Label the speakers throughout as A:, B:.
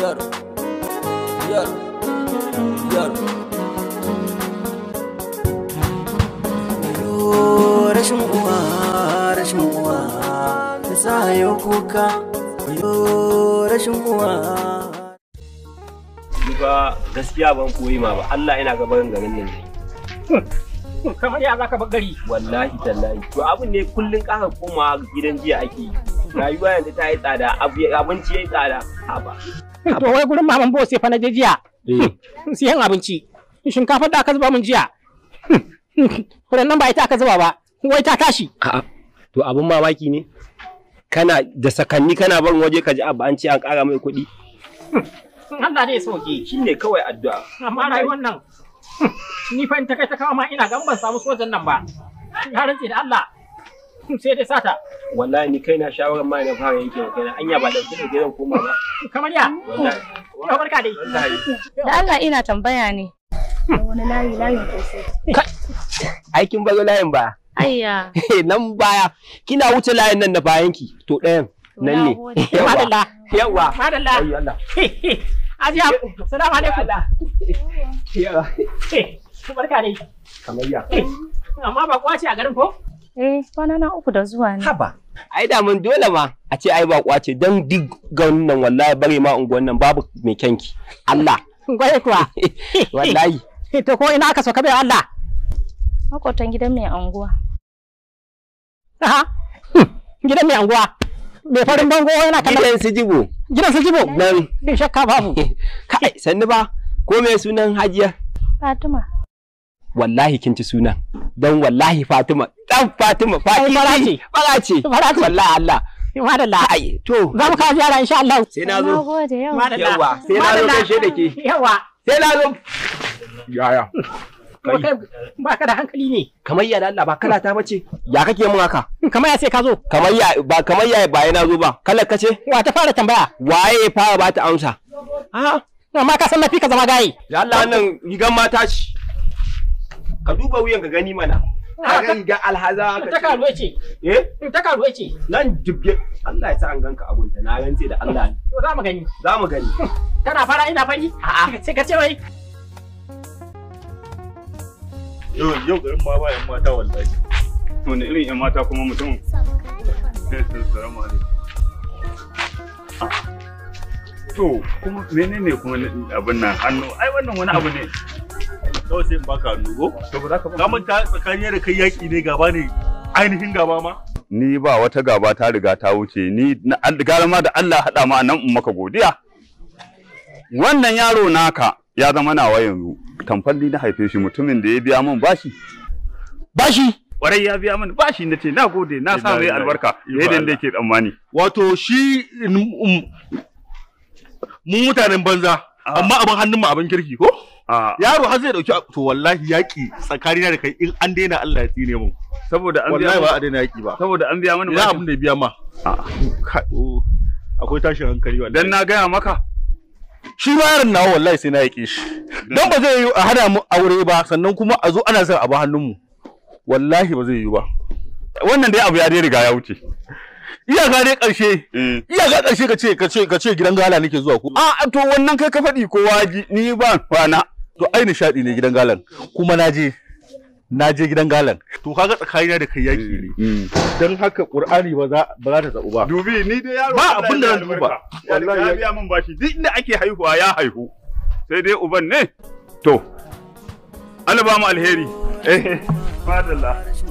A: Yaro, yaro, yaro.
B: gaskiya ban koyi ma ba Allah yana gaban garin nan kamar ya zaka gari wallahi tallahi to abin ne kullun ka koma gidan jiya ake rayuwa yanzu ta yi tsada abinci ya yi tsada haba to wai gurin maman bo sai fa na je jiya eh. siyan abinci shinkafa da aka zuba mun jiya Furen nan ba ita aka zuba ba wai ta tashi a'a to abin mamaki ne kana da sakanni kana barin waje ka ji abu an ce an ƙara mai kuɗi
C: Allah dai sauke
B: shi ne kawai addu'a amma rayuwar nan ni fa in ta kai ta kawo ma ina ga ban samu sojan nan ba ya rantse da Allah sai dai sata wallahi ni kaina shawaran ma na fara yake wa kaina anya ba da kudi zan koma ba kamar ya wallahi barka dai
C: da Allah ina tambaya ne wani layi layin ko sai
B: aikin bazo layin ba ayya eh, nan baya kina wuce layin nan na bayan ki to ɗayan
C: nan ne yawa yawa madalla Allah ajiya salamu alaikum yawa Eh, barka dai kamar ya eh, amma ba kwace a garin ko
B: Eh, kwana na uku da zuwa ne. Haba. Ai da mun dole ma a ce ai bakwa ce dan ga wannan, wallahi bare ma unguwan nan babu mai kyanki. Allah.
C: Gwaye kuwa. Wallahi. To ko ina aka so ka bai Allah. Makotan gidan mai anguwa. Aha. Hmm. Gidan mai anguwa.
B: Mai farin bango yana kallon. Gidan su jibo. Gidan su jibo. Nan. Bai shakka babu. Kai sanni ba. Ko mai sunan Hajiya? Fatima. wallahi kin ci sunan don wallahi Fatima dan Fatima Fatima fara farace fara wallahi Allah madalla to za mu kawo yara insha Allah sai na zo yawa sai na zo gaishe da ke yawa sai na zo yaya ba ka da hankali ne kamar ya da Allah ba kala ta bace ya kake mun haka kamar ya sai ka zo kamar ya ba kamar ya ba yana zo ba kala kace wa ta fara tambaya waye ya fara ba ta amsa a ah, amma ka san na fi ka zama gayi Allah nan rigan mata ci. ka duba wuyan ka gani mana ah, ka riga alhaza ka ta karuwa ce eh? eh ta karuwa ce nan dubbe Allah ya sa an ganka a ta na rantse da Allah to za mu gani za mu gani kana fara ina fari a'a sai ka ce wai
A: yau yau garin ma ba yan mata wallahi to ne irin yan mata kuma mutum assalamu alaikum to kuma menene kuma abin
D: nan hannu ai wannan wani abu ne kawai sai in baka hannu ko ka manta tsakanin da kai yaki ne gaba ne ainihin gaba ma
A: ni ba wata gaba ta riga ta wuce ni gara ma da Allah haɗa ma nan in maka godiya wannan yaro naka ya zama nawa yanzu tamfalli na haife shi mutumin da ya biya min bashi bashi warai ya biya min bashi na ce na gode na sa mai albarka yayin da yake tsammani
D: wato shi mm, mm, mu mutanen banza ah. amma abin hannun mu abin kirki ko yaro har zai dauki to wallahi yaki tsakanina da kai in an daina Allah ya tsine mu saboda
A: an biya ba a daina yaki ba saboda an biya mani ba abin da biya ma
D: akwai tashin hankali wallahi dan na gaya maka shi ma yaron nawa wallahi sai na yake shi dan ba zai yi a hada mu aure ba sannan kuma a zo ana son abu hannun mu wallahi ba zai yi ba wannan dai abu ya dai riga ya wuce iyaka dai karshe. Eh. iyaka karshe ka ce ka ce ka ce gidan gala nake zuwa ko a to wannan kai ka faɗi kowa ni ba kwana to ai nishadi ne gidan galan kuma na je na je gidan galan to kaga tsakanina da kai yaki ne mm. dan haka qur'ani ba za ba za ta tsabu ba dubi
A: ni dai yaro ba abin da zan duba wallahi ya biya min bashi duk inda ake haihuwa ya haihu sai dai uban ne to Allah ba mu alheri eh fadalla rashin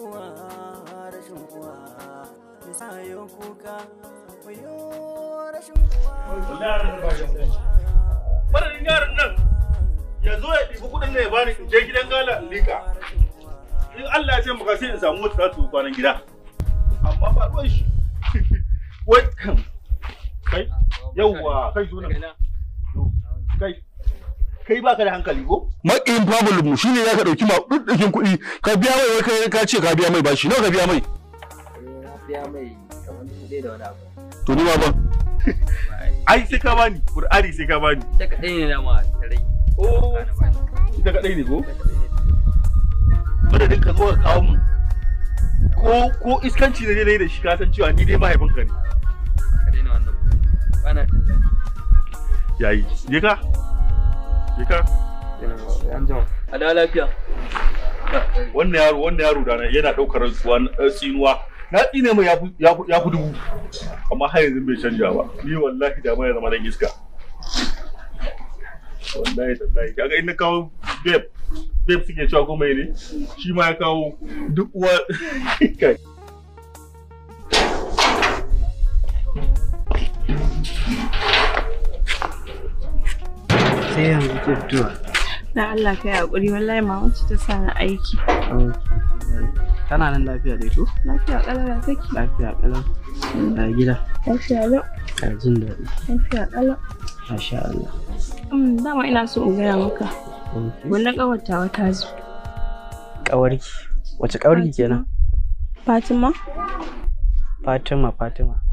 D: uwa rashin kuka Madadin yaron nan ya zo ya ɗibi kuɗin da ya bani in je gidan gala in lika. In Allah ya ce maka sai in samu wata za ta kwanan gida. Amma ba ruwan shi. Wai kai yauwa kai zo nan. Kai kai da hankali ko? Maƙiyin famulin mu shine zaka dauki ma dukkan kuɗi ka biya mai wai ka ce ka biya mai bashi nawa ka biya mai? Eh,
B: na biya mai kamar da wani abu. to ni ma ba
D: ai sai ka bani qur'ani sai ka bani ita kadai ne dama tarai oh ita kadai ne ko bada ka zo ka kawo mu ko ko iskanci ne dai da shi ka san cewa ni dai mahaifin ka ne
C: ka daina
A: wannan
D: bana yayi je ka je ka an jama a da lafiya wannan yaro wannan yaro da yana daukar eh, tsinuwa na ne mai ya fi dubu amma har yanzu bai canja ba ni wallahi da mai zama da iska wallahi tallahi kaga in na kawo babe babe suke cewa mai ne shi ma ya kawo duk uwa kai
C: sai yanzu ke fitowa na Allah kai hakuri wallahi mamaci ta sa aiki Kana
B: nan lafiya dai to?
C: Lafiya ƙalau kake?
B: Lafiya ƙalau. Mm. A gida.
C: Lafiya lau. Ka jin daɗi. Lafiya ƙalau. Masha Allah. Mm, dama ina so in gaya maka. Wannan ƙawartawa ta zo. Kawarki, Wace ƙawarki kenan? Fatima. Fatima, Fatima.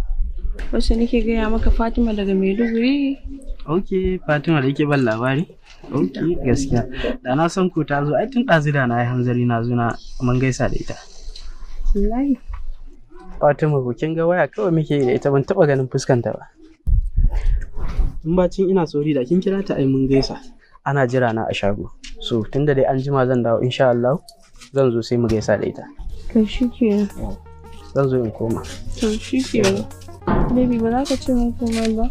C: wasu nake gaya maka Fatima daga Maiduguri.
B: Ok, Fatima da yake ban labari? Ok, gaskiya. Da na san ku ta zo, ai tun ɗazu da na yi hanzari na zo na man gaisa da ita. Fatima ko kin ga waya kawai muke da ita ban taɓa ganin fuskanta ba. In bacin ina sori da kin kira ta ai mun gaisa. Ana jira na a shago. So tunda dai an jima zan dawo insha Allah zan zo sai mu gaisa da ita.
C: To shi ke.
B: Zan zo in koma.
C: To shi ke. Baby ba za ka ce min komai ba.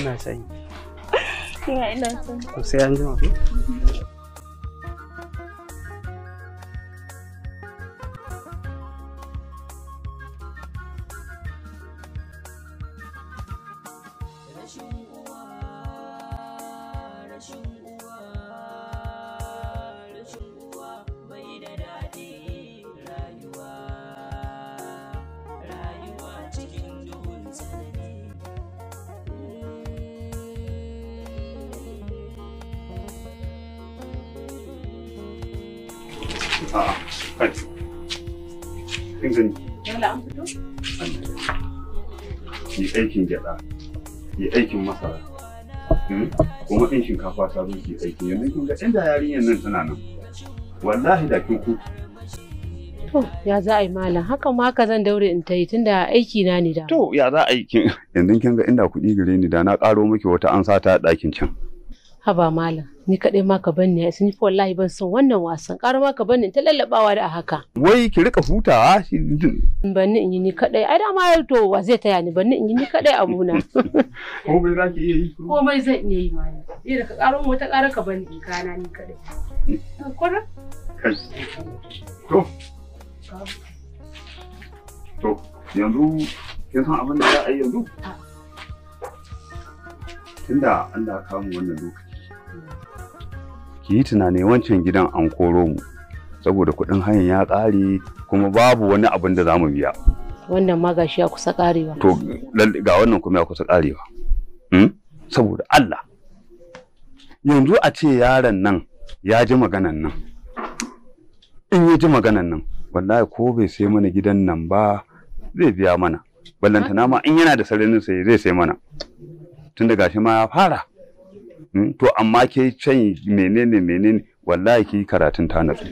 C: Ina sanyi. Ina sanyi. sai an jima A'a,
A: kai. Kin gani? Dole an fito? Yi aikin gyaɗa, yi aikin masara. Hmm? Kuma in shinkafa ta zo ki aiki yanzu kin ga inda yarinyar nan tana nan. Wallahi da kin kuka.
C: To, ya za a yi malam, haka ma haka zan daure in ta yi tunda aiki na ni da. To, ya
A: za a yi kin yanzu kin ga inda kuɗi gare ni da na ƙaro miki wata an sata ɗakin can.
C: haba malam ni kaɗai ma ka banni ya sun wallahi ban son wannan wasan ƙara ma ka bani ta lallaɓawa da a haka.
A: wai ki rika hutawa.
C: banni in yi ni kaɗai ai dama to wa zai taya ni banni in yi ni kaɗai abuna. komai za ki iya yi. komai zan iya yi ma ni iya da ka ƙaro wata ƙara ka bani in kana ni kaɗai. kwara.
A: kai to. to yanzu kin san abin da za a yi yanzu. tunda Allah ya kawo wannan lokaci. ki yi tunani wancan gidan an koro mu saboda kuɗin hayan ya ƙare kuma babu wani abin da za mu biya
C: wannan ma gashi ya kusa ƙarewa to
A: ga wannan kuma ya kusa ƙarewa hmm? saboda Allah yanzu a ce yaron nan ya ji maganan nan in ya ji maganan nan wallahi ko bai sai mana gidan nan ba zai biya mana ballantana ma in yana da sararin sai zai sai mana tun da gashi ma ya fara Hmm? to amma ke can menene menene wallahi ki karatun ta natsu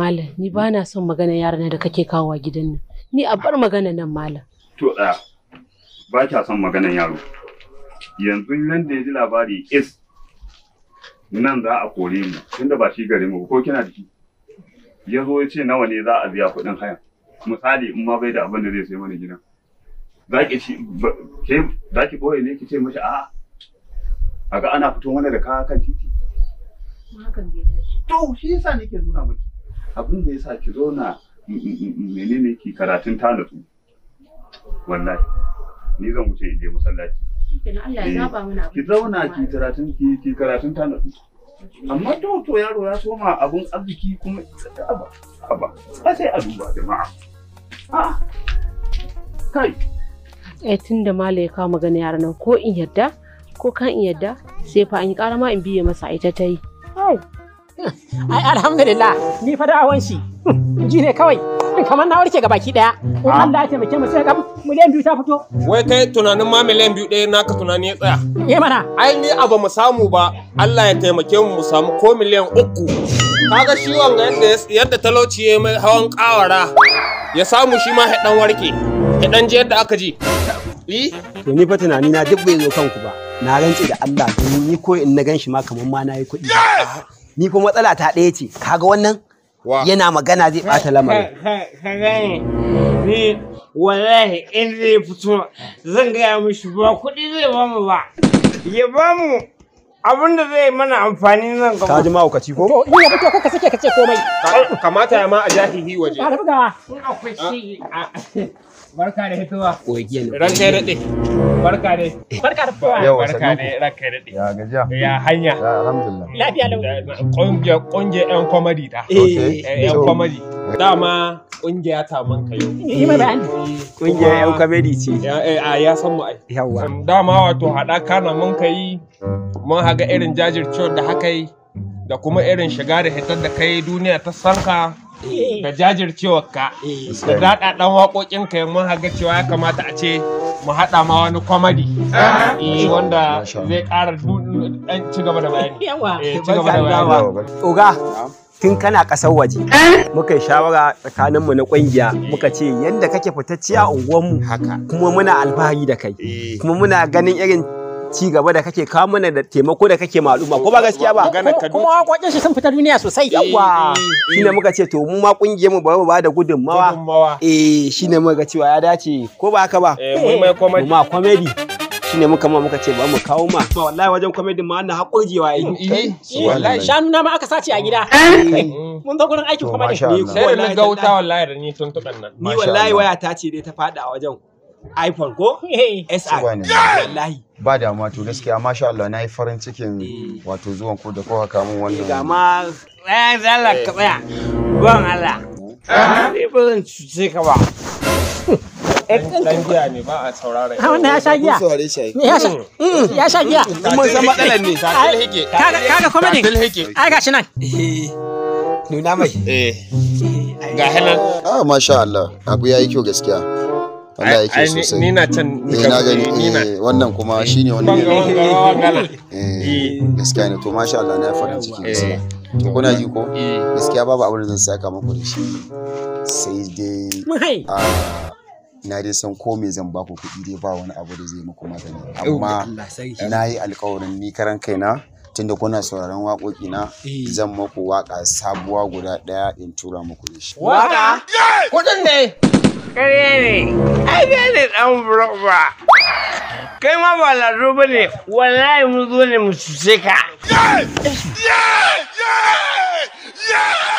C: malam ni ba na son magana yaran da kake kawo gidan nan ni a bar magana nan malam
A: to tsaya ba kya son maganan yaro yanzu nan da ya ji labari is nan za a kore mu tunda ba shi gare mu ko kina da shi ya zo ya ce nawa ne za a biya kuɗin haya misali in ma bai da abin da zai sai mana gidan za ki ci za boye ne ki ce mashi a'a a ga ana fito mana da kaya kan titi
C: to shi yasa nake nuna miki
A: abin da yasa ki zauna mm, mm, mm, menene ki karatun ta wallahi ni zan wuce je masallaci
C: eh, ki zauna ki
A: karatun ki ki karatun ta amma to to yaro ya soma abun arziki kuma aba aba sai a duba jama'a
C: ah kai eh tunda mala ya kawo magana yaran nan ko in yadda ko kan in yadda sai fa in ƙara ma in biye masa ita ta yi. Ai alhamdulillah ni fa da'awan shi ji ne kawai kamar na warke gabaki daya in ah. Allah ya taimake mu sai ga
B: miliyan biyu ta fito. Wai kai tunanin ma miliyan biyu ɗaya naka tunani ya tsaya. Eh mana. Ai ni abu mu samu ba Allah ya taimake mu mu samu ko miliyan uku. Kaga shi wanga yadda yadda talauci ya mai hawan kawara ya samu shi ma hidan warke hidan je yadda aka ji. Ni? To ni fa tunani na duk bai zo kanku ba. na rantse da Allah ni ko in na ganshi ma kamar ma na yi kuɗi ni ko matsala ta ɗaya ce kaga wannan yana magana zai ɓata lamarin ni wallahi in zai fito zan gaya mishi ba kuɗi zai ba mu ba ya ba mu abin da zai mana amfani nan gaba. Ka ji mahaukaci ko? ni ya fito ka sake ka ce komai. Kamata ya ma a jahihi waje. Ka rubuta. In akwai shi. Barka da hitowa. Kogiya ne. Ranka ya daɗe. Barka ne. Barka da Yawa Barka ne ranka ya daɗe. Ya gajiya. Ya hanya. alhamdulillah. Lafiya lau. Ƙungiyar ƙungiyar ƴan kwamari ta. Eh, eh, ƴan kwamari. Eh. Dama ƙungiya ta man Yi ma bayani. Ƙungiyar ƴan kwamari ce. A ya san mu ai. Yawa. Dama wato haɗaka na mun kai mun haga irin jajircewar da haka yi da kuma irin shiga da hitar da kai duniya ta sanka. da eh, jajircewa eh, ka da eh. daɗa ɗan waƙoƙin ka mun haga cewa ya kamata a ce mu haɗa ma wani kwamadi wanda zai ƙara ɗan ci gaba da bayani. Ci gaba da Oga, tun kana ƙasar waje muka yi shawara tsakaninmu na ƙungiya muka ce yadda kake fitacciya unguwanmu kuma muna alfahari da kai kuma muna ganin irin ci gaba da kake kawo mana da taimako da kake al'umma ko ba gaskiya ba kuma wakokin shi sun fita duniya sosai eh, yawa eh, shine eh. muka ce to mu ma kungiyar mu ba mu ba da gudunmawa eh shine muka cewa ya dace ko ba haka ba mu mai comedy mu ma comedy shine muka ma muka ce ba mu kawo ma wallahi wajen comedy ma wannan hakurjewa yi wallahi
C: shanu na ma aka sace a gida mun zo gurin aikin comedy ne sai da ga wuta
B: wallahi da ni tuntukan nan ni wallahi waya ta ce dai ta fada a wajen iphone ko sr wallahi ba damuwa to gaskiya masha Allah na farin cikin eh. wato zuwan ku da kowa kamun wannan ga ma eh zalla ka tsaya ban Allah eh. ni ba zan ka ba eh, Ɗan ne ba a ah, ya sha giya. Ya sha mm.
C: Mm, ya giya. ne.
B: Kaga kaga Ai gashi nan. Nuna mai. Ga Ah masha Allah. Abu yayi kyau gaskiya. Allah yake sosai ni na can eh, ni na gani eh, wannan kuma shine wannan eh, eh gaskiya ne to masha Allah na farin ciki gaskiya kuna ji ko gaskiya babu abin da zan saka muku da shi sai dai ah, na dai san ko me zan baku kuɗi dai ba wani abu da zai muku magani amma na yi alkawarin ni karan kaina tunda kuna sauraron waƙoƙi na zan muku waƙa sabuwa guda ɗaya
A: in tura muku da shi. Waƙa?
B: Kuɗin ne! Ƙarya ne, ai kai ne ɗan burba. Kai ma ba lado ba ne, wallahi mun zo ne
C: mu cuce ka. Yes! Yes! Yes! Yes!